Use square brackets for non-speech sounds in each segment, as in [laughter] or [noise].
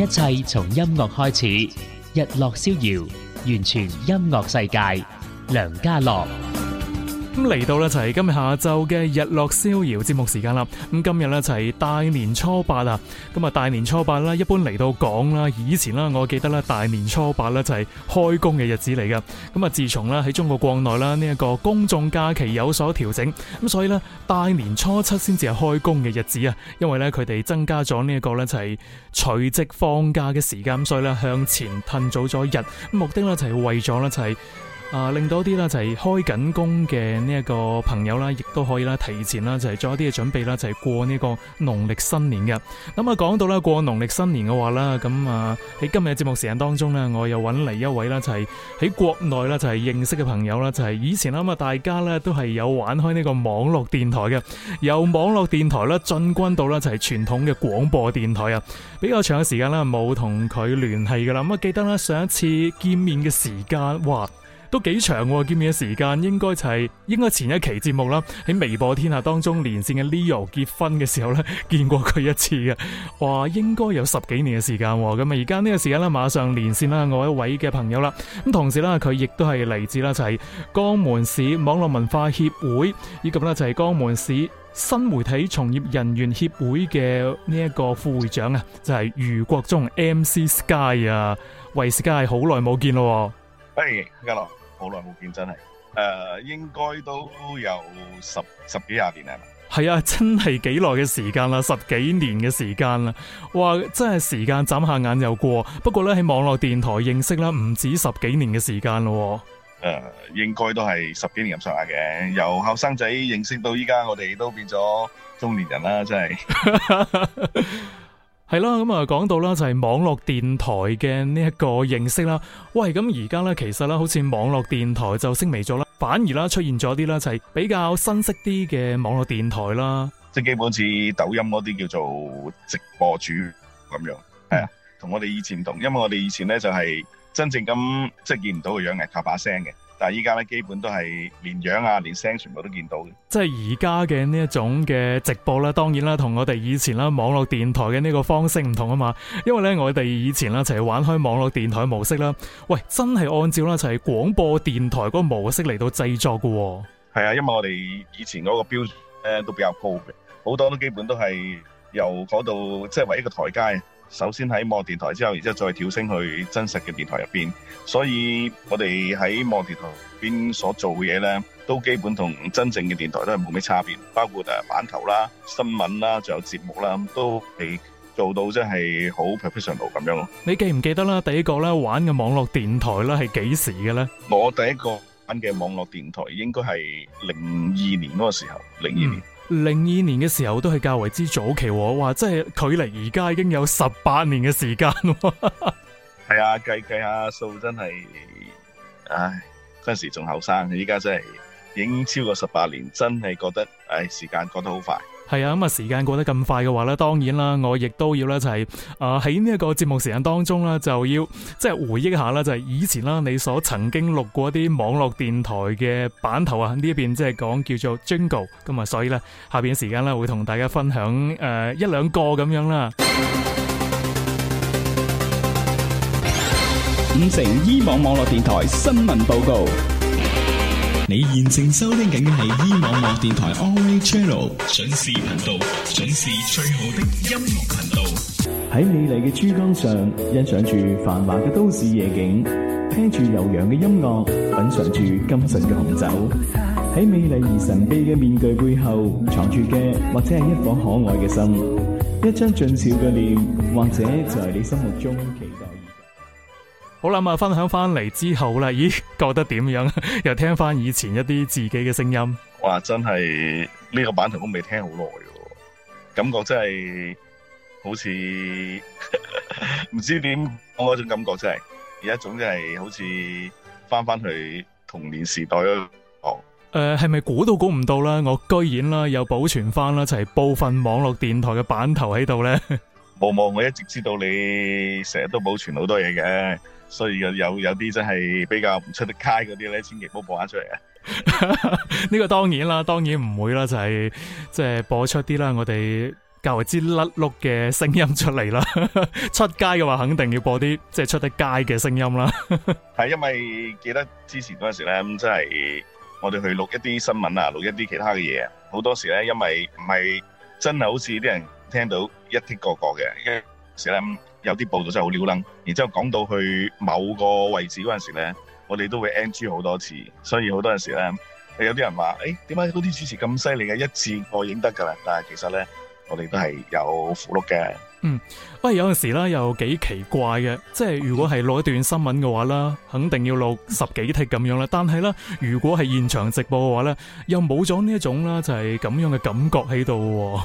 一切從音樂開始，日落逍遙，完全音樂世界，梁家樂。咁嚟到呢，就係今日下晝嘅日落逍遙節目時間啦。咁今日呢，就係大年初八啦。咁啊，大年初八啦，一般嚟到講啦，以前啦，我記得咧，大年初八咧就係開工嘅日子嚟㗎。咁啊，自從呢，喺中國國內啦，呢一個公眾假期有所調整，咁所以呢，大年初七先至係開工嘅日子啊。因為呢，佢哋增加咗呢一個呢就係除夕放假嘅時間，所以呢，向前褪早咗一日。目的呢，就係為咗呢，就係、是。啊，令到啲啦就係開緊工嘅呢一個朋友啦，亦都可以啦提前啦就係做一啲嘅準備啦，就係過呢個農曆新年嘅。咁啊講到啦過農曆新年嘅話啦，咁啊喺今日嘅節目時間當中呢，我又揾嚟一位啦就係喺國內啦就係認識嘅朋友啦，就係以前啦咁啊大家咧都係有玩開呢個網絡電台嘅，由網絡電台啦進軍到啦就係傳統嘅廣播電台啊。比較長嘅時間啦冇同佢聯繫噶啦，咁啊記得啦，上一次見面嘅時間哇！都幾長喎，見面嘅時間應該就係、是、應該前一期節目啦，喺微博天下當中連線嘅 Leo 結婚嘅時候咧，見過佢一次嘅，話應該有十幾年嘅時間。咁啊，而家呢個時間咧，馬上連線啦我一位嘅朋友啦，咁同時呢，佢亦都係嚟自啦，就係、是、江門市網絡文化協會，以及呢就係、是、江門市新媒體從業人員協會嘅呢一個副會長啊，就係、是、余國忠 MC Sky 啊，喂，Sky，好耐冇見咯，誒，hey, 好耐冇見，真係，誒、呃，應該都有十十幾廿年啦。係啊，真係幾耐嘅時間啦，十幾年嘅時間啦，哇，真係時間眨下眼又過。不過咧，喺網絡電台認識啦，唔止十幾年嘅時間咯。誒、呃，應該都係十幾年咁上下嘅，由後生仔認識到依家，我哋都變咗中年人啦，真係。 [laughs] 係啦，咁啊講到啦，就係網絡電台嘅呢一個認識啦。喂，咁而家咧，其實咧，好似網絡電台就升微咗啦，反而啦出現咗啲啦，就係比較新式啲嘅網絡電台啦。即係基本似抖音嗰啲叫做直播主咁樣，係啊、嗯，同我哋以前唔同，因為我哋以前咧就係真正咁即係見唔到個樣嘅，靠把聲嘅。但係依家咧，基本都係連樣啊，連聲全部都見到嘅。即係而家嘅呢一種嘅直播咧，當然啦，同我哋以前啦網絡電台嘅呢個方式唔同啊嘛。因為咧，我哋以前啦，就係玩開網絡電台模式啦，喂，真係按照啦就係廣播電台嗰個模式嚟到製作嘅。係啊，因為我哋以前嗰個標準咧都比較高嘅，好多都基本都係由嗰度即係為一個台階。首先喺網絡電台之後，然之後再跳升去真實嘅電台入邊，所以我哋喺網絡電台入邊所做嘅嘢咧，都基本同真正嘅電台都係冇咩差別，包括誒版頭啦、新聞啦、仲有節目啦，都係做到即係好 professional 度咁樣咯。你記唔記得啦？第一個咧玩嘅網絡電台咧係幾時嘅咧？我第一個玩嘅網絡電台應該係零二年嗰個時候，零二年。零二年嘅時候都係較為之早期，哇，即係距離而家已經有十八年嘅時間，係啊，計計下數真係，唉，嗰陣時仲後生，依家真係已經超過十八年，真係覺得唉，時間過得好快。係啊，咁啊，時間過得咁快嘅話咧，當然啦，我亦都要咧就係啊喺呢一個節目時間當中咧，就要即係回憶一下啦，就係以前啦，你所曾經錄過啲網絡電台嘅版頭啊，呢一邊即係講叫做 Jingle，咁啊，所以咧下邊時間咧會同大家分享誒、呃、一兩個咁樣啦。五城依、e、網網絡電台新聞報告。你現正收聽緊嘅係 i 網絡電台 Only Channel 準時頻道，準時最好的音樂頻道。喺美麗嘅珠江上欣賞住繁華嘅都市夜景，聽住悠揚嘅音樂，品嘗住甘醇嘅紅酒。喺美麗而神秘嘅面具背後，藏住嘅或者係一顆可愛嘅心，一張俊俏嘅臉，或者就係你心目中。好啦，啊，分享翻嚟之後啦，咦，覺得點樣？又聽翻以前一啲自己嘅聲音，哇，真係呢、這個版頭都未聽好耐喎。感覺真係好似唔知點我嗰種感覺真、就、係、是，而家總之係好似翻翻去童年時代咯。哦、呃，誒，係咪估都估唔到啦？我居然啦，又保存翻啦，就係部分網絡電台嘅版頭喺度咧。冇冇，我一直知道你成日都保存好多嘢嘅。所以有有有啲真係比較唔出得街嗰啲咧，千祈唔好播返出嚟啊！呢個當然啦，當然唔會啦，就係即係播出啲啦，我哋較為之甩碌嘅聲音出嚟啦。出街嘅話，肯定要播啲即係出得街嘅聲音啦。係因為記得之前嗰陣時咧，咁真係我哋去錄一啲新聞啊，錄一啲其他嘅嘢啊，好多時咧，因為唔係真係好似啲人聽到一聽個個嘅，因為成日咁。有啲報道真係好撩僆，然之後講到去某個位置嗰陣時咧，我哋都會 NG 好多次，所以好多陣時咧，有啲人話，誒點解嗰啲主持咁犀利嘅一次過影得㗎啦？但係其實咧，我哋都係有苦碌嘅。嗯，不過，有陣時咧又幾奇怪嘅，即係如果係錄一段新聞嘅話啦，肯定要錄十幾剔咁樣啦。但係咧，如果係現場直播嘅話咧，又冇咗呢一種啦，哦，就係咁樣嘅感覺喺度。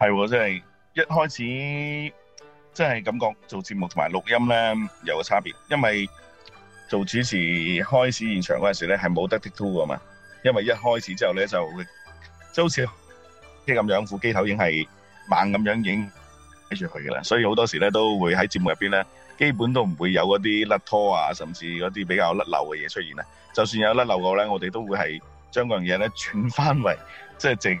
係喎，真係一開始。即係感覺做節目同埋錄音咧有個差別，因為做主持開始現場嗰陣時咧係冇得 take two 噶嘛，因為一開始之後咧就即係好似即係咁樣，副機頭已經係猛咁樣已經睇住佢噶啦，所以好多時咧都會喺節目入邊咧，基本都唔會有嗰啲甩拖啊，甚至嗰啲比較甩漏嘅嘢出現咧。就算有甩漏嘅話咧，我哋都會係將嗰樣嘢咧轉翻為即係正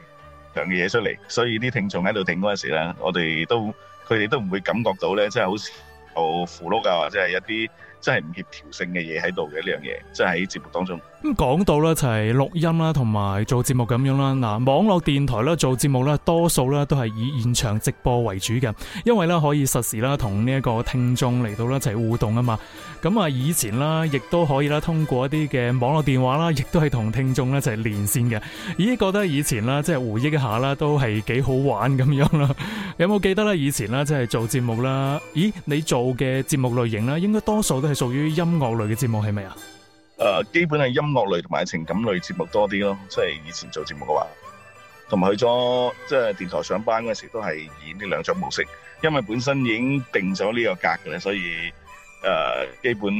常嘅嘢出嚟，所以啲聽眾喺度聽嗰陣時咧，我哋都。佢哋都唔會感覺到呢，真係好似有腐碌啊，或者係一啲真係唔協調性嘅嘢喺度嘅呢樣嘢，真係喺節目當中。咁講到咧，就係錄音啦，同埋做節目咁樣啦。嗱，網絡電台啦做節目啦多數咧都係以現場直播為主嘅，因為咧可以實時啦同呢一個聽眾嚟到啦一齊互動啊嘛。咁啊，以前啦，亦都可以啦通過一啲嘅網絡電話啦，亦都係同聽眾咧一齊連線嘅。咦，覺得以前啦，即係回憶一下啦，都係幾好玩咁樣啦。有冇記得咧？以前啦，即係做節目啦。咦，你做嘅節目類型啦應該多數都係屬於音樂類嘅節目，係咪啊？誒、呃，基本係音樂類同埋情感類節目多啲咯，即係以前做節目嘅話，同埋去咗即係電台上班嗰時候都係以呢兩種模式，因為本身已經定咗呢個格嘅，所以誒、呃，基本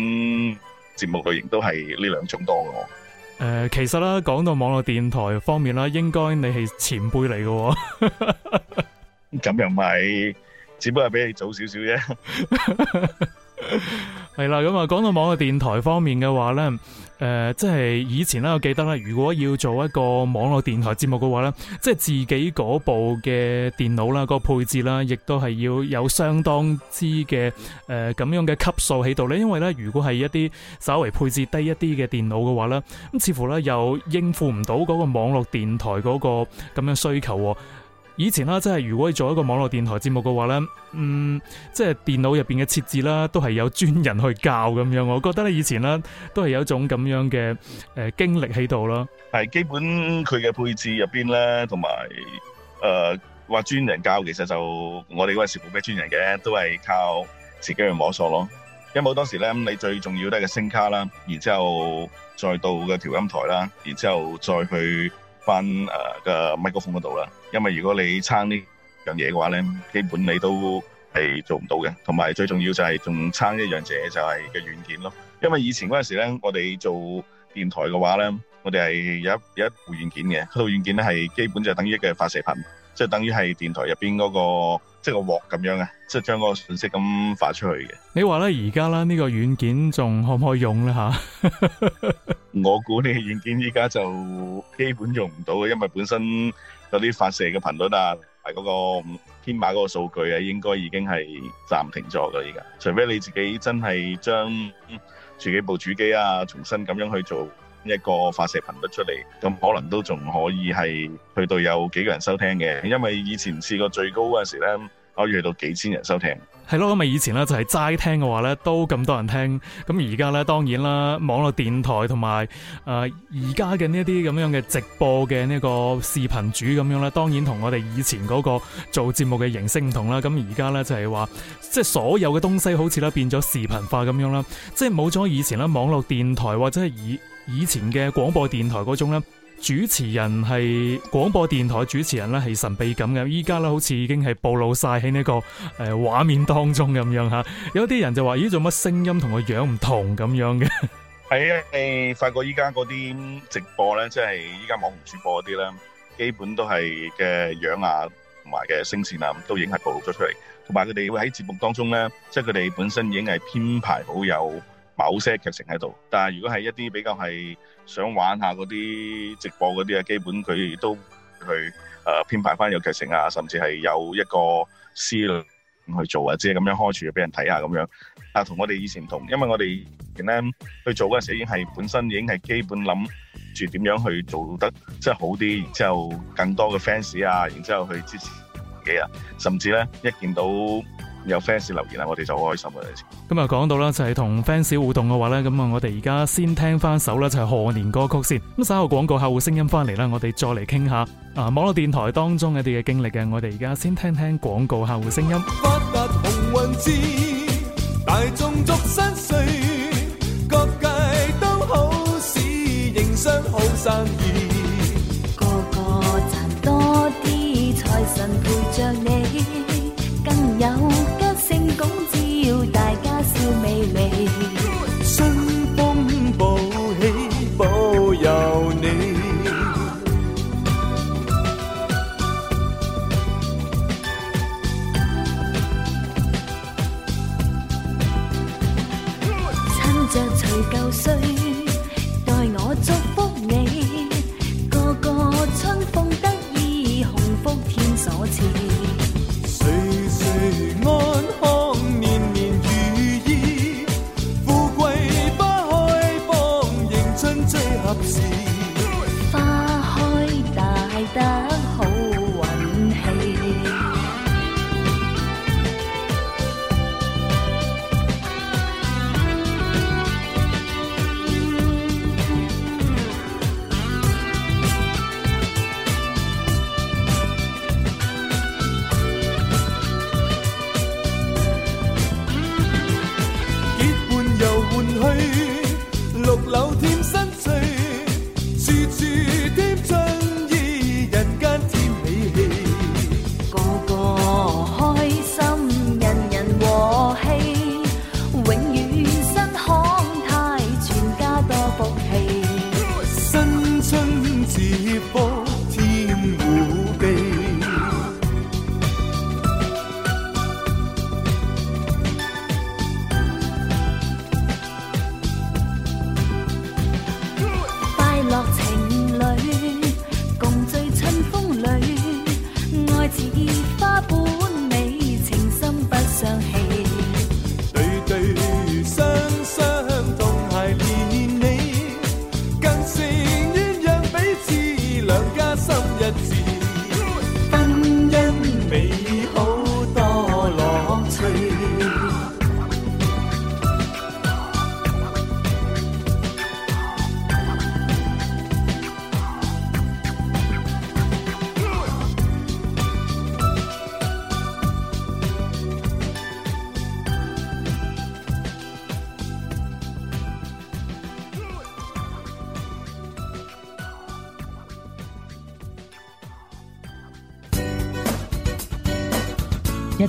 節目類型都係呢兩種多嘅。誒、呃，其實啦，講到網絡電台方面啦，應該你係前輩嚟嘅喎。咁又唔係，只不過係比你早少少啫。 [laughs] [laughs] 係啦，咁啊，講到網絡電台方面嘅話呢誒，即係以前咧，我記得啦，如果要做一個網絡電台節目嘅話呢，即係自己嗰部嘅電腦啦，個配置啦，亦都係要有相當之嘅誒咁樣嘅級數喺度咧。因為咧，如果係一啲稍微配置低一啲嘅電腦嘅話呢，咁似乎咧又應付唔到嗰個網絡電台嗰個咁樣需求。以前啦，即係如果係做一個網絡電台節目嘅話咧，嗯，即係電腦入邊嘅設置啦，都係有專人去教咁樣。我覺得咧，以前咧都係有一種咁樣嘅誒、呃、經歷喺度咯。係基本佢嘅配置入邊咧，同埋誒話專人教，其實就我哋嗰陣時冇咩專人嘅，都係靠自己去摸索咯。因為當時咧，你最重要都係個聲卡啦，然之後再到嘅調音台啦，然之後再去。翻誒嘅麥克風嗰度啦，因為如果你撐呢樣嘢嘅話咧，基本你都係做唔到嘅。同埋最重要就係仲撐一樣嘢，就係嘅軟件咯。因為以前嗰陣時咧，我哋做電台嘅話咧，我哋係有一有一部軟件嘅，套軟件咧係基本就係等於一個發射頻，即係等於係電台入邊嗰個。即係個鑊咁樣啊，即係將嗰個訊息咁發出去嘅。你話咧，而家咧，呢個軟件仲可唔可以用咧吓？ [laughs] 我估你個軟件依家就基本用唔到，因為本身有啲發射嘅頻率啊，同、那、嗰個編碼嗰個數據啊，應該已經係暫停咗噶。而家除非你自己真係將自己部主機啊，重新咁樣去做一個發射頻率出嚟，咁可能都仲可以係去到有幾個人收聽嘅。因為以前試過最高嗰時咧，可以去到幾千人收聽，係咯咁咪以前咧就係齋聽嘅話咧都咁多人聽，咁而家咧當然啦，網絡電台同埋誒而家嘅呢一啲咁樣嘅直播嘅呢個視頻主咁樣咧，當然同我哋以前嗰個做節目嘅形式唔同啦。咁而家咧就係話，即係所有嘅東西好似咧變咗視頻化咁樣啦，即係冇咗以前咧網絡電台或者係以以前嘅廣播電台嗰種咧。主持人係廣播電台主持人咧，係神秘感嘅。依家咧，好似已經係暴露晒喺呢個誒畫面當中咁樣吓。有啲人就話：咦，做乜聲音同個樣唔同咁樣嘅？係啊，誒，發覺依家嗰啲直播咧，即係依家網紅主播嗰啲咧，基本都係嘅樣啊，同埋嘅聲線啊，都已經係暴露咗出嚟。同埋佢哋會喺節目當中咧，即係佢哋本身已經係編排好有，某些劇情喺度，但係如果係一啲比較係想玩下嗰啲直播嗰啲啊，基本佢都去誒編排翻有劇情啊，甚至係有一個思路去做啊，即係咁樣開住俾人睇下咁樣。啊，同我哋以前唔同，因為我哋咧去做嗰個攝影係本身已經係基本諗住點樣去做得即係好啲，然之後更多嘅 fans 啊，然之後去支持自己啊，甚至咧一見到。有 fans 留言啦，我哋就好開心啦。今日講到啦，就係同 fans 互動嘅話咧，咁啊，我哋而家先聽翻首咧，就係賀年歌曲先。咁稍後廣告客戶聲音翻嚟啦，我哋再嚟傾下啊，網絡電台當中一啲嘅經歷嘅，我哋而家先聽聽廣告客戶聲音。發達紅運之。大眾歲，各界都好事，營商好生意，個個賺多啲，財神陪着你。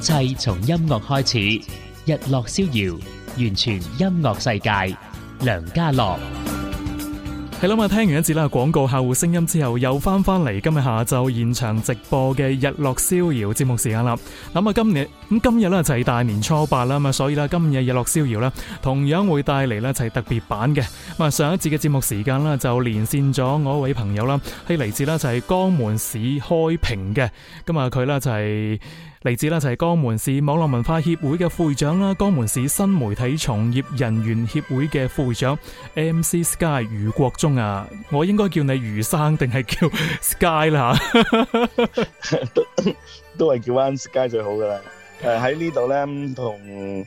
係從音樂開始，日落逍遙，完全音樂世界。梁家樂，係啦，咁啊，聽完一節啦廣告客戶聲音之後，又翻翻嚟今日下晝現場直播嘅日落逍遙節目時間啦，嗯。今日咁，嗯、今日就係大年初八啦，咁啊，所以啦今日日落逍遙同樣會帶嚟咧就係特別版嘅。咁啊，上一節嘅節目時間就連線咗我一位朋友啦，係嚟自咧就係江門市開平嘅。咁啊，就是，佢咧就係。嚟自啦，就係江門市網絡文化協會嘅副會長啦，江門市新媒體從業人員協會嘅副會長 M C Sky 余國忠啊，我應該叫你余生定係叫 Sky 啦， [laughs] 都都係叫翻 Sky 最好噶啦。誒喺呢度咧，同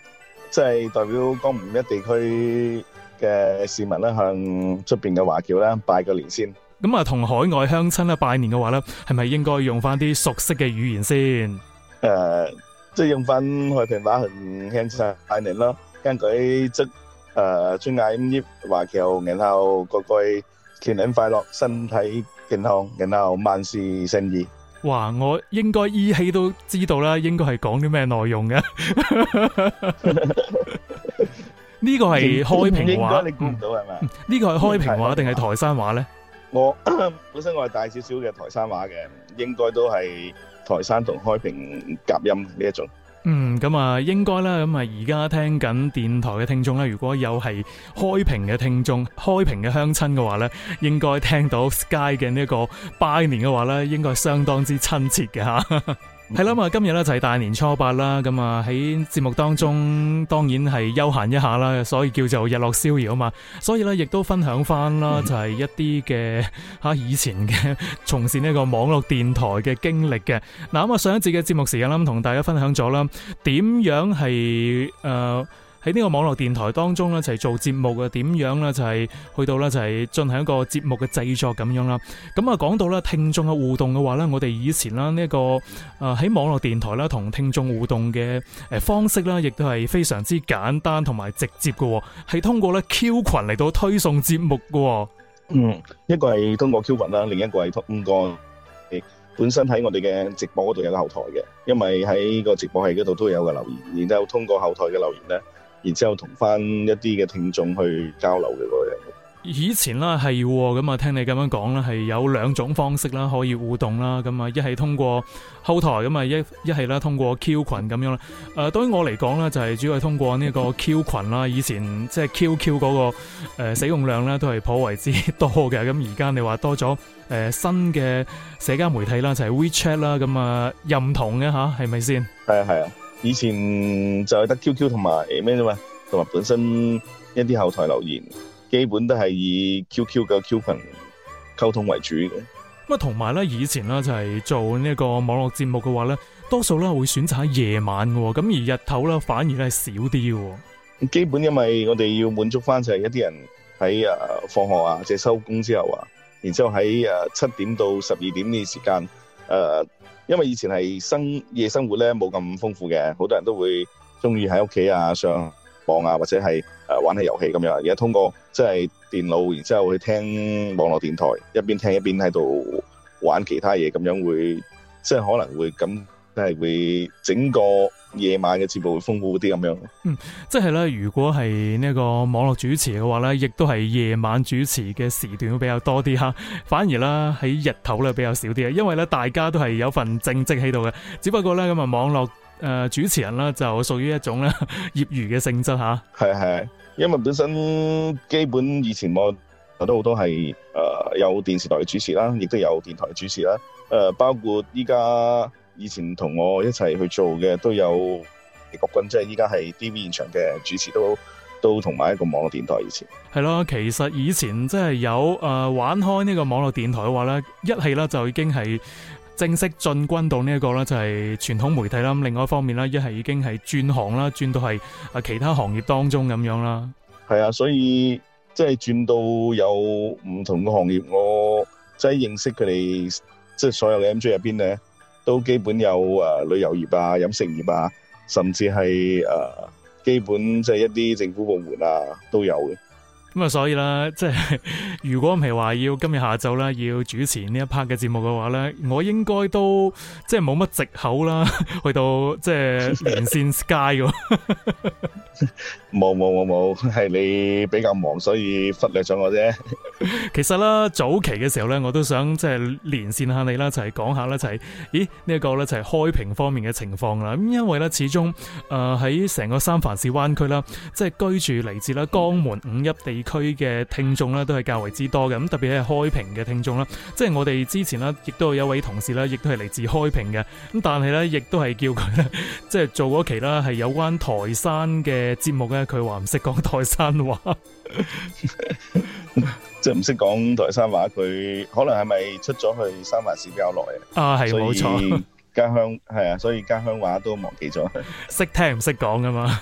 即係代表江門一地區嘅市民啦，向出邊嘅華僑啦拜個年先。咁啊，同海外鄉親咧拜年嘅話咧，係咪應該用翻啲熟悉嘅語言先？誒，即係用翻開平話去聽晒拜年咯，跟佢祝誒，全家添添華僑，然後個個前年快樂，身體健康，然後萬事勝意。哇，我應該依起都知道啦，應該係講啲咩內容嘅？呢個係開平話，你估唔到係咪？呢個係開平話定係台山話咧？我本身我係大少少嘅台山話嘅，應該都係。台山同開平夾音呢一種，嗯，嗯，咁、嗯、啊應該咧，咁啊而家聽緊電台嘅聽眾咧，如果有係開平嘅聽眾，開平嘅鄉親嘅話咧，應該聽到 Sky 嘅呢一個拜年嘅話咧，應該相當之親切嘅。吓。呵呵係啦，咁啊今日咧就係大年初八啦，咁啊喺節目當中當然係休閒一下啦，所以叫做日落逍遙啊嘛，所以咧亦都分享翻啦，就係一啲嘅吓以前嘅從事呢個網絡電台嘅經歷嘅。嗱咁啊上一節嘅節目時間啦，同大家分享咗啦，點樣係誒。呃喺呢個網絡電台當中咧，就係、是、做節目嘅點樣咧，就係、是、去到咧，就係、是、進行一個節目嘅製作咁樣啦。咁、嗯、啊，講到咧聽眾嘅互動嘅話咧，我哋以前啦、這、呢個誒喺、呃、網絡電台啦同聽眾互動嘅誒、呃、方式咧，亦都係非常之簡單同埋直接嘅、哦，係通過咧 Q 群嚟到推送節目嘅、哦。嗯，一個係通過 Q 群啦，另一個係通，通過本身喺我哋嘅直播嗰度有個後台嘅，因為喺個直播器嗰度都有個留言，然之後通過後台嘅留言咧。然之後同翻一啲嘅聽眾去交流嘅嗰個人，以前咧係咁啊，聽你咁樣講啦，係有兩種方式啦，可以互動啦，咁啊，一係通過後台咁啊，一一係啦，通過 Q 群咁樣啦。誒、呃，對於我嚟講咧，就係、是、主要係通過呢個 Q 群啦。 [laughs] 以前即係 QQ 嗰個誒、呃、使用量咧，都係頗為之多嘅。咁而、呃、家你話多咗誒新嘅社交媒體啦，就係、是、WeChat 啦、嗯，咁啊又唔同嘅吓，係咪先？係啊，係啊。以前就係得 QQ 同埋咩啫嘛，同埋本身一啲後台留言，基本都係以 QQ 嘅 QQ 群溝通為主嘅。咁啊，同埋咧，以前咧就係做呢個網絡節目嘅話咧，多數咧會選擇喺夜晚嘅，咁而日頭咧反而係少啲喎。基本因為我哋要滿足翻就係一啲人喺誒放學啊，即係收工之後啊，然之後喺誒七點到十二點呢時間。誒、呃，因為以前係生夜生活咧冇咁豐富嘅，好多人都會鍾意喺屋企啊上網啊，或者係誒、呃、玩下遊戲咁樣。而家通過即係電腦，然之後去聽網絡電台，一邊聽一邊喺度玩其他嘢，咁樣會即係可能會咁，即、就、係、是、會整個。夜晚嘅節目會豐富啲咁樣，嗯，即係咧，如果係呢個網絡主持嘅話咧，亦都係夜晚主持嘅時段會比較多啲吓，反而啦喺日頭咧比較少啲啊，因為咧大家都係有份正職喺度嘅，只不過咧咁啊網絡誒、呃、主持人啦就屬於一種咧 [laughs] 業餘嘅性質吓，係、啊、係，因為本身基本以前我我都好多係誒、呃、有電視台嘅主持啦，亦都有電台嘅主持啦，誒、呃、包括依家。以前同我一齊去做嘅都有李國軍，即係依家係 D V 現場嘅主持，都都同埋一個網絡電台。以前係咯，其實以前即係有誒、呃、玩開呢個網絡電台嘅話咧，一係咧就已經係正式進軍到呢一個咧，就係傳統媒體啦。咁另外一方面咧，一係已經係轉行啦，轉到係啊其他行業當中咁樣啦。係啊，所以即係轉到有唔同嘅行業，我即係認識佢哋，即係所有嘅 M J 入邊咧。都基本有啊、呃，旅遊業啊，飲食業啊，甚至係誒、呃、基本即係一啲政府部門啊都有嘅。咁啊，所以啦，即係如果唔係話要今日下晝啦，要主持呢一 part 嘅節目嘅話咧，我應該都即係冇乜借口啦，去到即係連線 sky 嘅。冇冇冇冇，係你比較忙，所以忽略咗我啫。其實啦，早期嘅時候咧，我都想即係連線下你啦，就係、是、講下咧就係咦呢一個咧，就係、是、這個、開平方面嘅情況啦。咁因為咧，始終誒喺成個三藩市灣區啦，即係居住嚟自啦江門五邑地區嘅聽眾咧都係較為之多嘅，咁特別係開平嘅聽眾啦，即係我哋之前呢亦都有一位同事亦都係嚟自開平嘅，咁但係呢，亦都係叫佢即係做嗰期啦，係有關台山嘅節目呢，佢話唔識講台山話，即係唔識講台山話，佢可能係咪出咗去三藩市比較耐啊？啊以，係冇錯。家鄉係啊，所以家鄉話都忘記咗。識聽唔識講㗎嘛。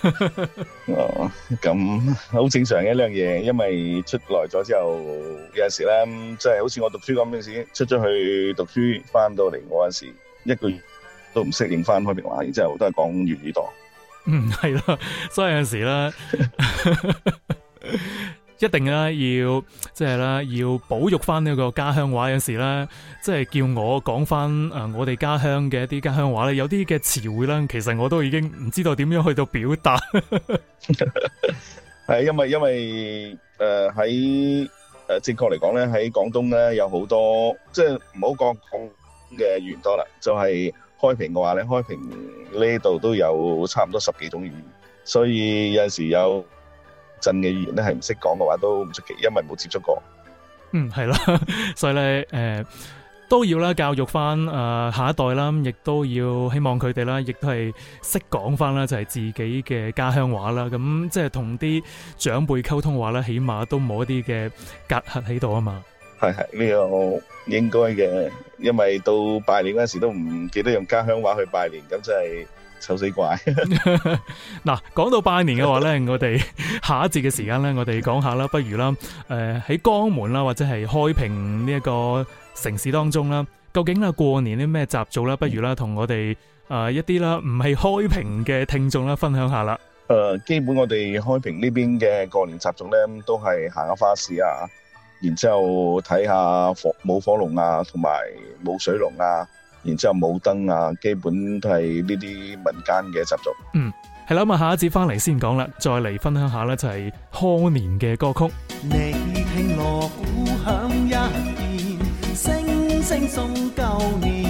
[laughs] 哦，咁好正常嘅一樣嘢，因為出嚟咗之後，有陣時咧，即係好似我讀書嗰陣時，出咗去讀書，翻到嚟我嗰時候，一個月都唔適應翻開平話，然之後都係講粵語多。嗯，係咯，所以有陣時咧。一定咧要，即係咧要保育翻呢個家鄉話。有時咧，即係叫我講翻誒我哋家鄉嘅一啲家鄉話咧，有啲嘅詞彙咧，其實我都已經唔知道點樣去到表達。係 [laughs] [laughs] 因為因為誒喺誒正確嚟講咧，喺廣東咧有好多即係唔好講廣東嘅語言多啦，就係、是就是、開平嘅話咧，開平呢度都有差唔多十幾種語言，所以有陣時有。鎮嘅語言咧係唔識講嘅話都唔出奇，因為冇接觸過。嗯，係啦，所以咧，誒、呃、都要咧教育翻誒下一代啦，亦都要希望佢哋啦，亦都係識講翻啦，就係自己嘅家鄉話啦。咁即係同啲長輩溝通話咧，起碼都冇一啲嘅隔閡喺度啊嘛。係係呢個應該嘅，因為到拜年嗰陣時都唔記得用家鄉話去拜年，咁即係。醜死怪 [laughs] ！嗱，講到拜年嘅話咧，我哋下一節嘅時間咧，我哋講下啦，不如啦，誒、呃、喺江門啦，或者係開平呢一個城市當中啦，究竟啦過年啲咩習俗啦，不如啦同我哋誒、呃、一啲啦唔係開平嘅聽眾啦分享下啦。誒、呃，基本我哋開平呢邊嘅過年習俗咧，都係行下花市啊，然之後睇下火舞火龍啊，同埋舞水龍啊。然之後冇燈啊基本都係呢啲民間嘅習俗。嗯，係啦，咁啊下一節翻嚟先講啦，再嚟分享一下咧就係、是、賀年嘅歌曲。你聽鑼鼓響，一聲聲送舊年。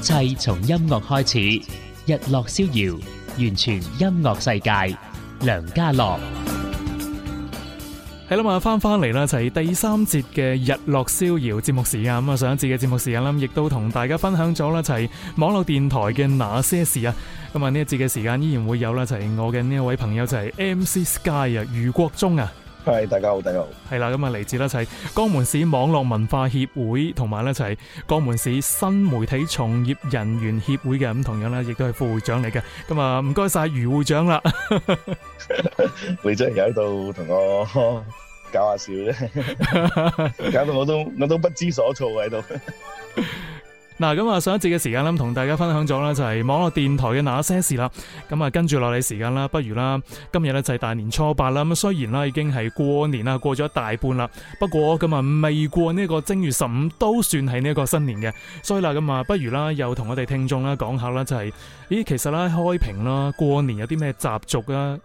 一切從音樂開始，日落逍遙，完全音樂世界。梁家樂，係啦嘛，翻翻嚟啦，就係、是、第三節嘅日落逍遙節目時間。咁啊，上一節嘅節目時間啦，亦都同大家分享咗啦，就係、是、網絡電台嘅那些事啊。咁啊，呢一節嘅時間依然會有啦，就係、是、我嘅呢一位朋友就係、是、MC Sky 啊，余國忠啊。係大家好，大家好。係啦，咁啊嚟自咧就係江門市網絡文化協會同埋咧就係江門市新媒體從業人員協會嘅，咁同樣咧亦都係副會長嚟嘅。咁啊，唔該晒余會長啦。會長又喺度同我搞下笑咧，搞到我都我都不知所措喺度。嗱咁啊，上一節嘅時間啦，同大家分享咗啦，就係網絡電台嘅那些事啦。咁啊，跟住落嚟時間啦，不如啦，今日咧就係大年初八啦。咁雖然啦，已經係過年啦，過咗一大半啦，不過咁啊，未過呢個正月十五都算係呢個新年嘅。所以啦，咁啊，不如啦，又同我哋聽眾啦講下啦，就係咦，其實咧開平啦，過年有啲咩習俗啊？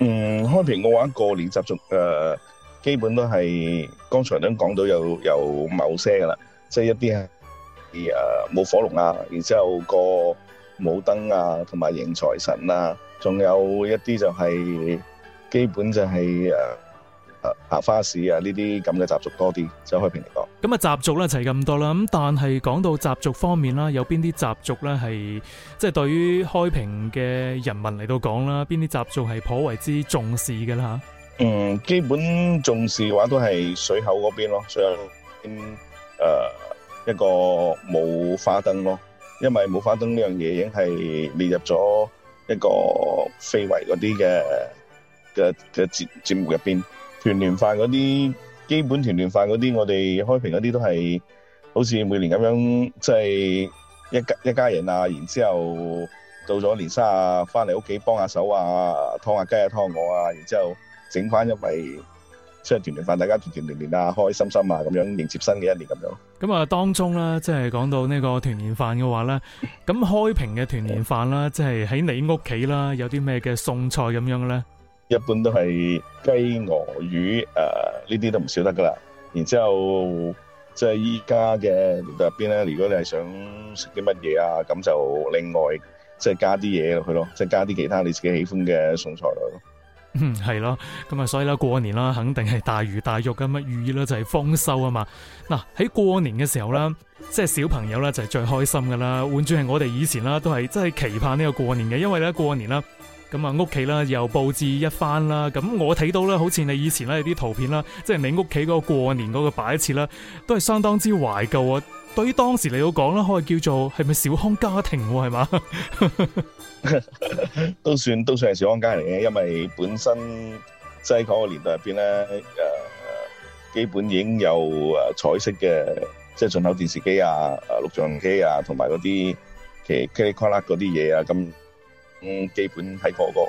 嗯，開平嘅話，我說過年習俗誒、呃，基本都係剛才都講到有有某些噶啦，即係一啲啊。誒，冇火龍啊，然之後個舞燈啊，同埋迎財神啊，仲有一啲就係基本就係誒誒，插、啊啊、花市啊呢啲咁嘅習俗多啲。就、就是、開平嚟講，咁啊習俗咧就係咁多啦。咁但係講到習俗方面啦，有邊啲習俗咧係即係對於開平嘅人民嚟到講啦，邊啲習俗係頗為之重視嘅啦吓？嗯，基本重視嘅話都係水口嗰邊咯，水口邊誒。呃一個冇花燈咯，因為冇花燈呢樣嘢已經係列入咗一個非遺嗰啲嘅嘅嘅節節目入邊，團年飯嗰啲基本團年飯嗰啲，我哋開平嗰啲都係好似每年咁樣，即係一家一家人啊，然之後到咗年卅翻嚟屋企幫下手啊，劏下雞啊，劏我啊，然之後整翻一味。即係團年飯，大家團團年年啊，開心心啊，咁樣迎接新嘅一年咁樣。咁啊，當中咧，即係講到呢個團年飯嘅話咧，咁開平嘅團年飯啦，即係喺你屋企啦，有啲咩嘅餸菜咁樣嘅咧？一般都係雞、鵝、魚誒，呢啲都唔少得噶啦。然之後即係依家嘅入邊咧，如果你係想食啲乜嘢啊，咁就另外即係加啲嘢落去咯，即係加啲其他你自己喜歡嘅餸菜咯。嗯，係咯，咁啊，所以啦，過年啦，肯定係大魚大肉咁嘅寓意啦，就係豐收啊嘛。嗱，喺過年嘅時候啦，即係小朋友咧就係最開心噶啦。換轉係我哋以前啦，都係真係期盼呢個過年嘅，因為咧過年啦，咁啊屋企啦又布置一番啦。咁我睇到咧，好似你以前咧啲圖片啦，即係你屋企嗰個過年嗰個擺設啦，都係相當之懷舊啊。對於當時嚟講啦，可以叫做係咪小、啊、 [laughs] [laughs] 小康家庭喎？係嘛，都算都算係小康家庭嘅，因為本身即係、就是、個年代入邊咧，誒、呃、基本已經有誒彩色嘅即係進口電視機啊、誒錄像機啊，同埋嗰啲嘅 k i t 卡拉嗰啲嘢啊，咁、啊、嗯基本喺嗰個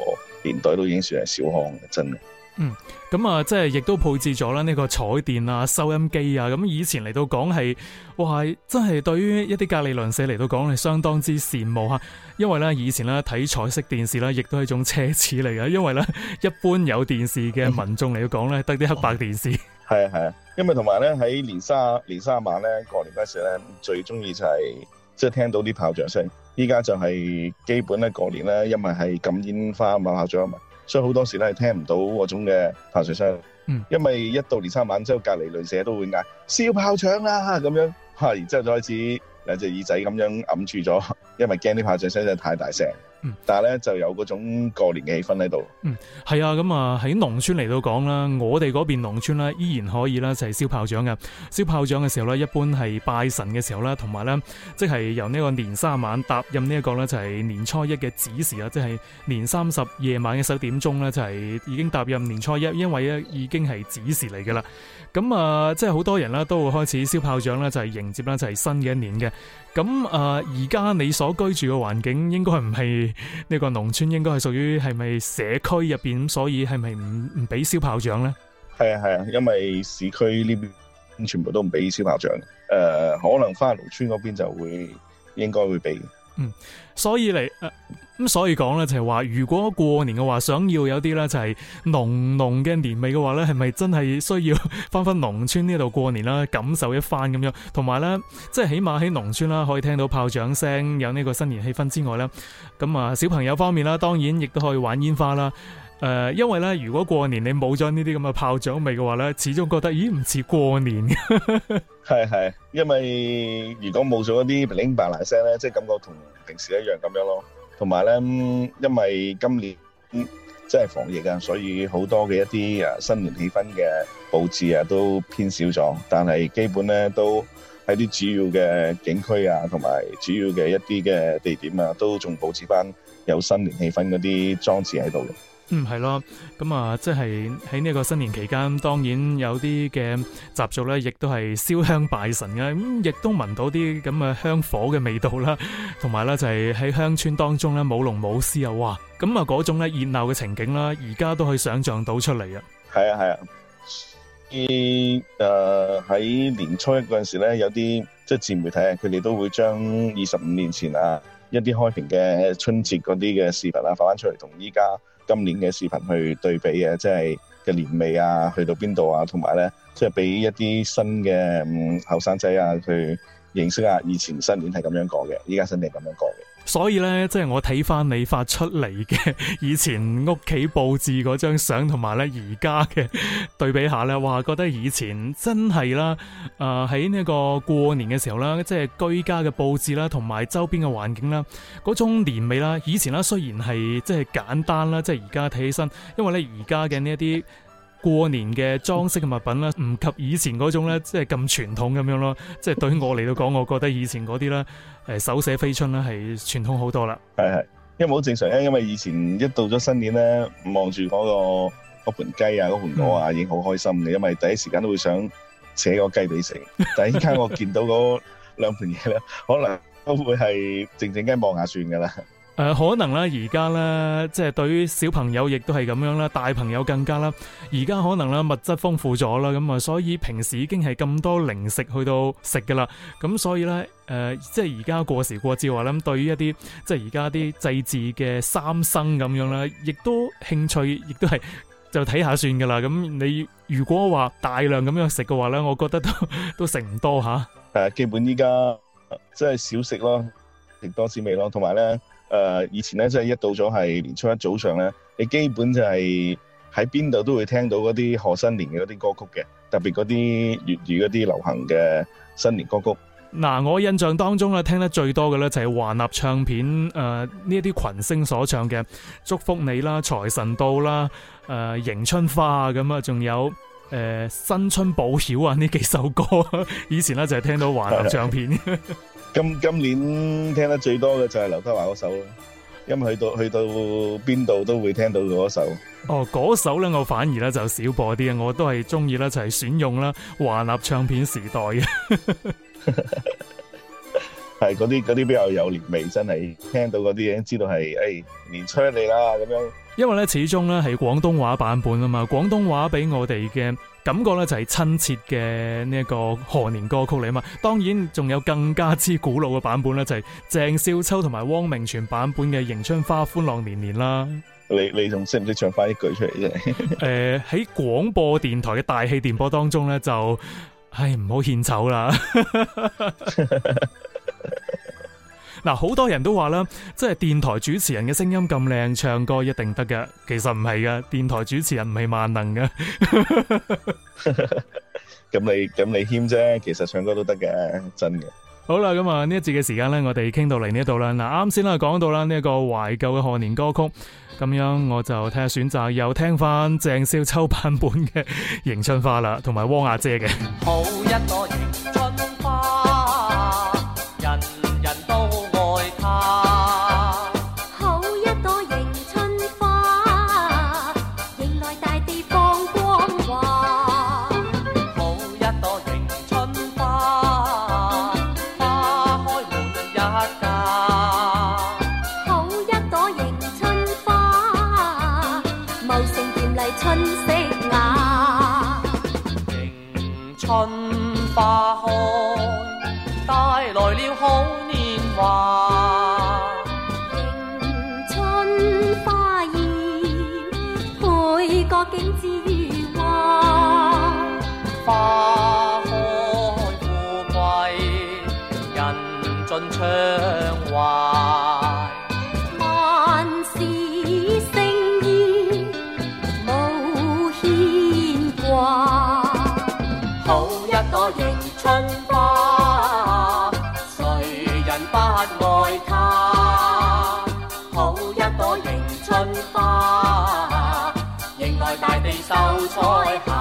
年代都已經算係小康嘅，真。嗯，咁啊，即係亦都配置咗啦，呢個彩電啊、收音機啊，咁以前嚟到講係，哇，真係對於一啲隔籬鄰舍嚟到講係相當之羨慕吓，因為咧以前咧睇彩色電視咧，亦都係一種奢侈嚟嘅，因為咧一般有電視嘅民眾嚟到講咧，得啲黑白電視。係啊係啊，因為同埋咧喺年卅年卅晚咧過年嗰時咧最中意就係即係聽到啲炮仗聲，依家就係基本咧過年啦，因為係禁煙花啊嘛，炮仗啊嘛。所以好多時咧係聽唔到嗰種嘅炮仗聲，嗯、因為一到年三晚之後，隔離鄰舍都會嗌燒炮仗啦咁樣，然之後再開始兩隻耳仔咁樣揞住咗，因為驚啲炮仗聲真係太大聲。但係咧，就有嗰種過年嘅氣氛喺度，嗯。嗯，係啊，咁、嗯、啊，喺農村嚟到講啦，我哋嗰邊農村咧，依然可以啦，就係燒炮仗嘅。燒炮仗嘅時候咧，一般係拜神嘅時候啦，同埋咧，即係由呢個年卅晚，搭任呢一個咧，就係年初一嘅子時啊，即係年三十夜晚嘅十一點鐘咧，就係、是、已經搭任年初一，因為咧已經係子時嚟噶啦。咁啊、呃，即係好多人啦，都會開始燒炮仗啦，就係迎接啦，就係新嘅一年嘅。咁啊，而、呃、家你所居住嘅環境應該唔係。呢個農村應該係屬於係咪社區入邊，所以係咪唔唔俾燒炮仗咧？係啊，係啊，因為市區呢邊全部都唔俾燒炮仗，誒、呃，可能翻農村嗰邊就會應該會俾。嗯，所以嚟誒，咁、呃、所以講啦，就係、是、話如果過年嘅話，想要有啲咧就係濃濃嘅年味嘅話咧，係咪真係需要翻翻農村呢度過年啦，感受一番咁樣，同埋咧，即係起碼喺農村啦，可以聽到炮仗聲，有呢個新年氣氛之外啦。咁啊小朋友方面啦，當然亦都可以玩煙花啦。誒、呃，因為咧，如果過年你冇咗呢啲咁嘅炮仗味嘅話咧，始終覺得咦唔似過年。係 [laughs] 係，因為如果冇咗一啲零零叭叭聲咧，即、就、係、是、感覺同平時一樣咁樣咯。同埋咧，因為今年真係防疫啊，所以好多嘅一啲誒新年氣氛嘅布置啊，都偏少咗。但係基本咧都喺啲主要嘅景區啊，同埋主要嘅一啲嘅地點啊，都仲布置翻有新年氣氛嗰啲裝置喺度嘅。嗯，係咯，咁啊，即係喺呢個新年期間，當然有啲嘅習俗咧，亦都係燒香拜神嘅，咁亦都聞到啲咁嘅香火嘅味道啦，同埋咧就係喺鄉村當中咧舞龍舞獅啊，哇！咁啊嗰種咧熱鬧嘅情景啦，而家都可以想象到出嚟啊。係啊，係啊，誒、呃、喺年初一嗰陣時咧，有啲即係自媒體啊，佢、就、哋、是、都會將二十五年前啊一啲開屏嘅春節嗰啲嘅視頻啊發翻出嚟，同依家。今年嘅視頻去對比嘅，即係嘅年味啊，去到邊度啊，同埋咧，即係俾一啲新嘅嗯後生仔啊，去認識一下以前新年係咁樣過嘅，依家新年係咁樣過嘅。所以咧，即係我睇翻你發出嚟嘅以前屋企布置嗰張相，同埋咧而家嘅對比下咧，哇，覺得以前真係啦，誒，喺呢個過年嘅時候啦，即係居家嘅布置啦，同埋周邊嘅環境啦，嗰種年味啦，以前啦雖然係即係簡單啦，即係而家睇起身，因為咧而家嘅呢一啲。過年嘅裝飾嘅物品啦，唔及以前嗰種咧，即係咁傳統咁樣咯。即係對我嚟到講，我覺得以前嗰啲咧，誒手寫飛春啦，係傳統好多啦。係係，因為好正常咧，因為以前一到咗新年咧，望住嗰個嗰盤雞啊，嗰盤果啊，已經好開心嘅。因為第一時間都會想寫個雞髀食。但係依家我見到嗰兩盤嘢咧， [laughs] 可能都會係靜靜雞望下算嘅啦。誒、呃，可能啦，而家咧，即係對於小朋友亦都係咁樣啦，大朋友更加啦。而家可能啦，物質豐富咗啦，咁啊，所以平時已經係咁多零食去到食噶啦。咁所以咧，誒、呃，即係而家過時過節話咧，對於一啲即係而家啲祭祀嘅三牲咁樣啦，亦都興趣，亦都係就睇下算噶啦。咁你如果話大量咁樣食嘅話咧，我覺得都都食唔多吓。誒，基本依家即係少食咯，食多先味咯，同埋咧。誒、呃、以前咧，即、就、係、是、一到咗係年初一早上咧，你基本就係喺邊度都會聽到嗰啲賀新年嘅嗰啲歌曲嘅，特別嗰啲粵語嗰啲流行嘅新年歌曲。嗱、啊，我印象當中咧，聽得最多嘅咧就係華納唱片誒呢一啲群星所唱嘅《祝福你》啦，《財神到》啦，誒《迎春花》咁啊，仲有誒《新春保曉》啊呢幾首歌，以前咧就係聽到華納唱片。今今年聽得最多嘅就係劉德華嗰首咯，因為去到去到邊度都會聽到佢嗰首。哦，嗰首咧我反而咧就少播啲，我都係中意啦，就係、是、選用啦華納唱片時代嘅，係嗰啲啲比較有年味，真係聽到嗰啲已經知道係誒年初一啦咁樣。因為咧始終咧係廣東話版本啊嘛，廣東話俾我哋嘅。感覺咧就係親切嘅呢一個賀年歌曲嚟啊嘛，當然仲有更加之古老嘅版本咧，就係鄭少秋同埋汪明荃版本嘅迎春花歡樂年年啦。你你仲識唔識唱翻啲句出嚟啫？誒、 [laughs] 呃，喺廣播電台嘅大氣電波當中咧，就唉唔好獻醜啦。 [laughs] [laughs] 嗱，好多人都話啦，即係電台主持人嘅聲音咁靚，唱歌一定得嘅。其實唔係噶，電台主持人唔係萬能噶。咁 [laughs] [laughs] 你咁你謙啫，其實唱歌都得嘅，真嘅。好啦，咁啊呢一節嘅時間呢，我哋傾到嚟呢度啦。嗱，啱先啊講到啦呢一個懷舊嘅賀年歌曲，咁樣我就睇下選擇，又聽翻鄭少秋版本嘅迎春花啦，同埋汪阿姐嘅。好一朵。一朵迎春花，誰人不愛它？好一朵迎春花，迎來大地秀彩。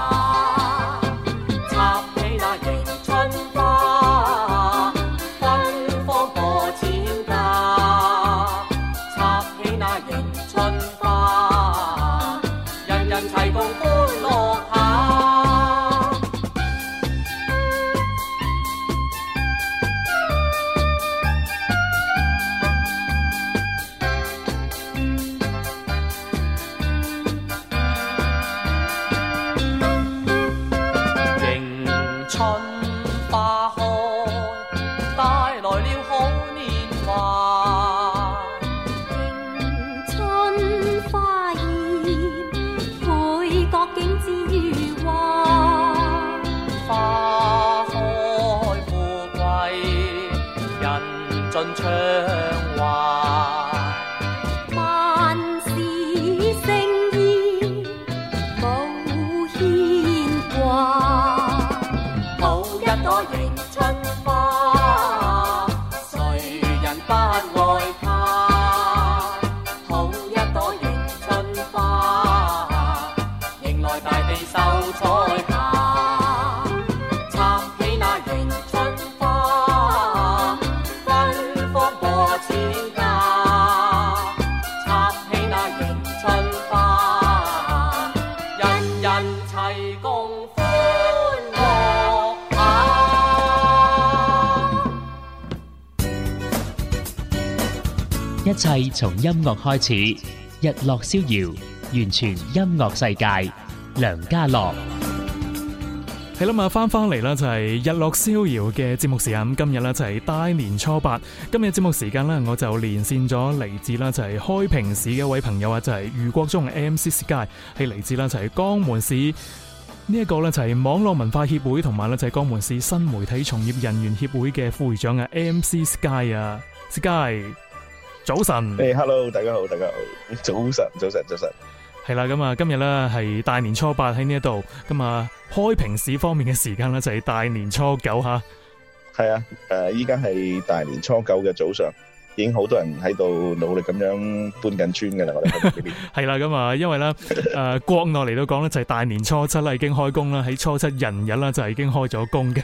一切從音樂開始，日落逍遙，完全音樂世界。梁家樂，係啦嘛，翻翻嚟啦，就係日落逍遙嘅節目時間。今日咧就係大年初八，今日節目時間我就連線咗嚟自啦就係開平市嘅一位朋友啊，就係、是、余國忠，MC Sky，係嚟自啦就係江門市呢一、這個就係網絡文化協會同埋咧就係江門市新媒體從業人員協會嘅副會長，MC Sky 啊，Sky。早晨，誒，Hey，hello，大家好，大家好，早晨，早晨，早晨，係啦，咁啊，今日咧係大年初八喺呢一度，咁啊開平市方面嘅時間咧就係大年初九吓，係啊，誒，依家係大年初九嘅早上。已經好多人喺度努力咁樣搬緊村嘅啦，我哋係啦，咁、嗯、啊，因為咧，誒、呃，國內嚟到講咧就係、是、大年初七啦，已經開工啦，喺初七人日啦就係已經開咗工嘅。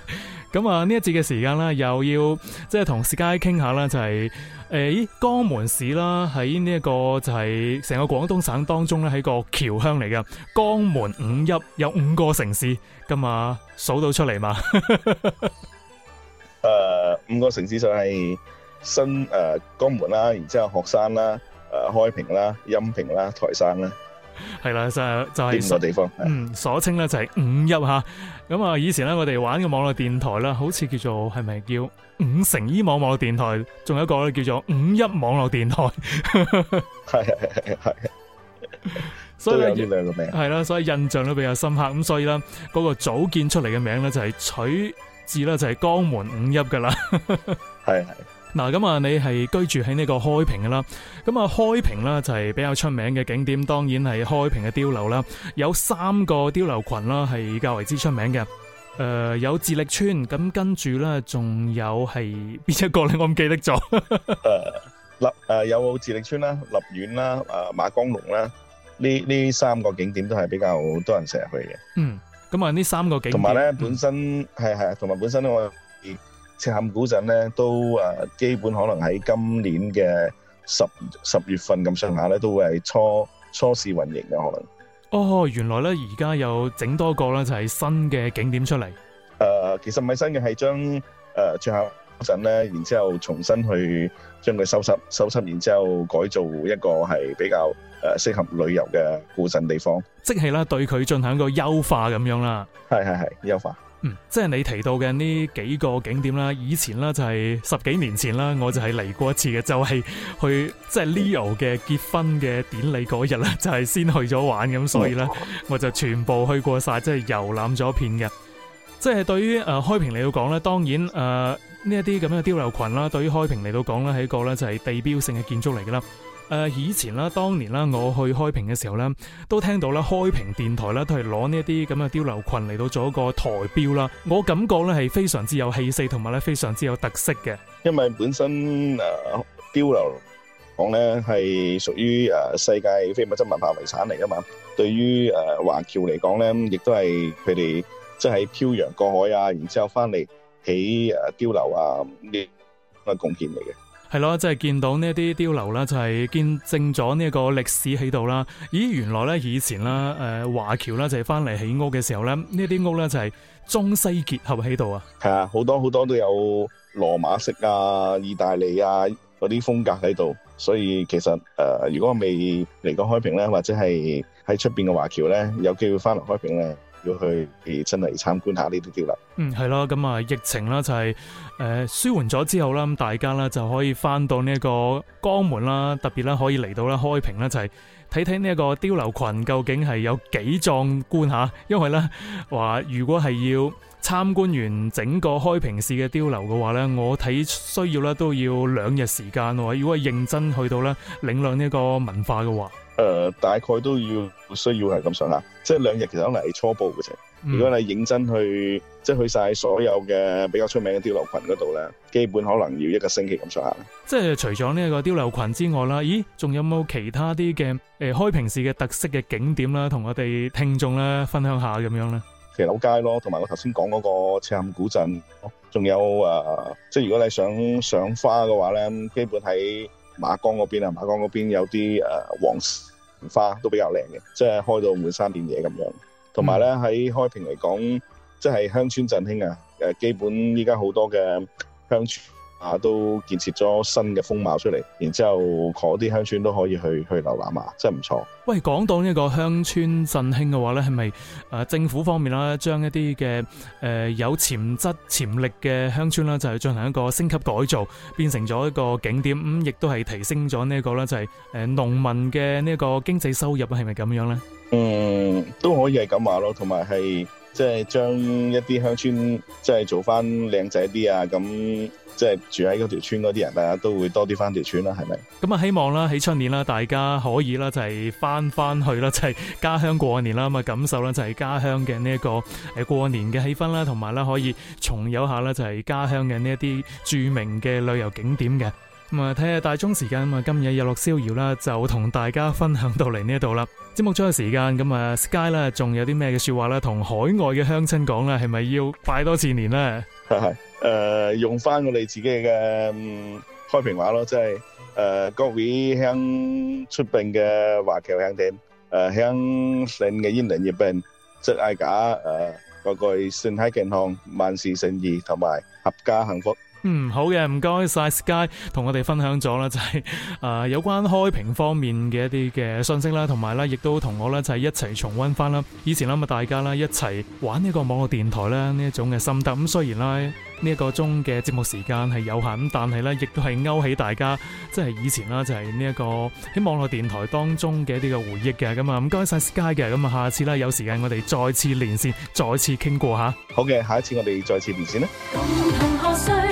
咁、嗯、啊，呢一節嘅時間啦，又要即係同 Sky 傾下啦，就係、是、誒、欸，江門市啦，喺呢一個就係成個廣東省當中咧，喺個僑鄉嚟嘅。江門五邑有五個城市噶嘛，數、嗯、到出嚟嘛？誒、 [laughs] 呃，五個城市就係。新誒、呃、江門啦、啊，然之後鶴山啦，誒、呃、開平啦、啊，恩平啦，台山啦、啊，係啦就就係五個地方，嗯，所稱咧就係五邑吓。咁啊，以前咧我哋玩嘅網絡電台啦，好似叫做係咪叫五成依網絡電台，仲有一個咧叫做是不是叫五邑網絡電台，係係係係。 [laughs] [laughs] 兩個所以呢，兩個名係啦，所以印象都比較深刻。咁所以咧，嗰、那個組建出嚟嘅名咧就係取自咧就係江門五邑噶啦，係 [laughs] 係。嗱咁啊，你係居住喺呢個開平㗎啦，咁啊開平啦就係比較出名嘅景點，當然係開平嘅碉樓啦，有三個碉樓群啦，係較為之出名嘅。誒，有自力村，咁跟住咧仲有係邊一個咧，我唔記得咗。誒，立誒有自力村啦，立園啦，誒馬降龍啦，呢呢三個景點都係比較多人成日去嘅。嗯。咁啊，呢三個景點同埋咧本身係係，同埋本身我。赤坎古鎮咧都誒，基本可能喺今年嘅十十月份咁上下咧，都會係初初試運營嘅可能。哦，原來咧而家又整多個咧，就係新嘅景點出嚟。誒，其實唔係新嘅，係將誒赤坎鎮咧，然之後重新去將佢收拾收拾，然之後改造一個係比較誒適合旅遊嘅古鎮地方。即係啦，對佢進行一個優化咁樣啦。係係係，優化。嗯，即係你提到嘅呢幾個景點啦，以前啦，就係十幾年前啦，我就係嚟過一次嘅，就係、是、去即係、就是、Leo 嘅結婚嘅典禮嗰日啦，就係、是、先去咗玩咁，所以咧我就全部去過晒、就是，即係遊覽咗片嘅。即係對於誒開平嚟到講咧，當然誒呢一啲咁樣嘅碉樓群啦，對於開平嚟到講咧係一個咧就係地標性嘅建築嚟嘅啦。誒、呃，以前啦，當年啦，我去開平嘅時候咧，都聽到咧開平電台咧，都係攞呢一啲咁嘅碉樓群嚟到做一個台標啦。我感覺咧係非常之有氣勢，同埋咧非常之有特色嘅。因為本身誒碉、呃、樓講咧係屬於誒世界非物質文化遺產嚟㗎嘛。對於誒、呃、華僑嚟講咧，亦都係佢哋即係漂洋過海啊，然之後翻嚟起誒碉樓啊，咁嘅貢獻嚟嘅。係咯，即係見到呢一啲碉樓啦，就係見證咗呢個歷史喺度啦。咦，原來咧以前啦，誒華僑啦就係翻嚟起屋嘅時候咧，呢啲屋咧就係中西結合喺度啊。係啊，好多好多都有羅馬式啊、意大利啊嗰啲風格喺度，所以其實誒、呃，如果我未嚟過開平咧，或者係喺出邊嘅華僑咧，有機會翻嚟開平咧。要去真係參觀下呢啲碉樓。嗯，係啦，咁啊，疫情啦就係、是、誒、呃、舒緩咗之後啦，咁大家啦就可以翻到呢一個江門啦，特別啦可以嚟到啦開平啦，就係睇睇呢一個碉樓群究竟係有幾壯觀下，因為咧話如果係要。參觀完整個開平市嘅碉樓嘅話咧，我睇需要咧都要兩日時間喎。如果係認真去到咧，領略呢個文化嘅話，誒、呃，大概都要需要係咁上下，即係兩日其實可能係初步嘅啫。如果你認真去，即係去晒所有嘅比較出名嘅碉樓群嗰度咧，基本可能要一個星期咁上下。即係除咗呢一個碉樓群之外啦，咦，仲有冇其他啲嘅誒，開平市嘅特色嘅景點啦，同我哋聽眾咧分享一下咁樣咧？騎樓街咯，同埋我頭先講嗰個赤坎古鎮，仲有誒、呃，即係如果你想賞花嘅話咧，基本喺馬江嗰邊啊，馬江嗰邊有啲誒、呃、黃花都比較靚嘅，即係開到滿山遍野咁樣。同埋咧喺開平嚟講，即係鄉村振興啊，誒基本依家好多嘅鄉村。啊，都建設咗新嘅風貌出嚟，然之後嗰啲鄉村都可以去去瀏覽啊，真係唔錯。喂，講到呢一個鄉村振興嘅話咧，係咪誒政府方面啦，將一啲嘅誒有潛質潛力嘅鄉村啦，就係、是、進行一個升級改造，變成咗一個景點，咁、嗯、亦都係提升咗呢一個咧，就係誒農民嘅呢一個經濟收入係咪咁樣咧？嗯，都可以係咁話咯，同埋係。即係將一啲鄉村，即係做翻靚仔啲啊！咁即係住喺嗰條村嗰啲人，大家都會多啲翻條村啦，係咪？咁啊，希望啦，喺春年啦，大家可以啦，就係翻翻去啦，就係家鄉過年啦，咁啊，感受啦，就係家鄉嘅呢一個誒過年嘅氣氛啦，同埋啦，可以重遊下啦，就係家鄉嘅呢一啲著名嘅旅遊景點嘅。咁啊，睇下大鐘時間，咁啊，今日日樂逍遙啦，就同大家分享到嚟呢度啦。節目最後時間，咁啊，Sky 啦，仲有啲咩嘅說話啦？同海外嘅鄉親講咧，係咪要拜多次年咧？係係誒，用翻我哋自己嘅開平話咯，即係誒、呃、各位鄉出殯嘅華僑鄉親，誒鄉信嘅英倫葉賓，祝大家誒、呃、個身體健康，萬事勝意，同埋合家幸福。嗯，好嘅，唔該晒 Sky 同我哋分享咗啦，就是，就係誒有關開屏方面嘅一啲嘅信息啦，同埋咧亦都同我咧就係一齊重溫返啦，以前啦咁啊大家啦一齊玩呢個網絡電台啦呢一種嘅心得。咁雖然啦呢一，這個鐘嘅節目時間係有限，咁但係咧亦都係勾起大家即係以前啦，就係呢一個喺網絡電台當中嘅一啲嘅回憶嘅。咁啊，唔該晒 Sky 嘅，咁啊，下次啦有時間我哋再次連線，再次傾過吓。好嘅，下一次我哋再次連線咧。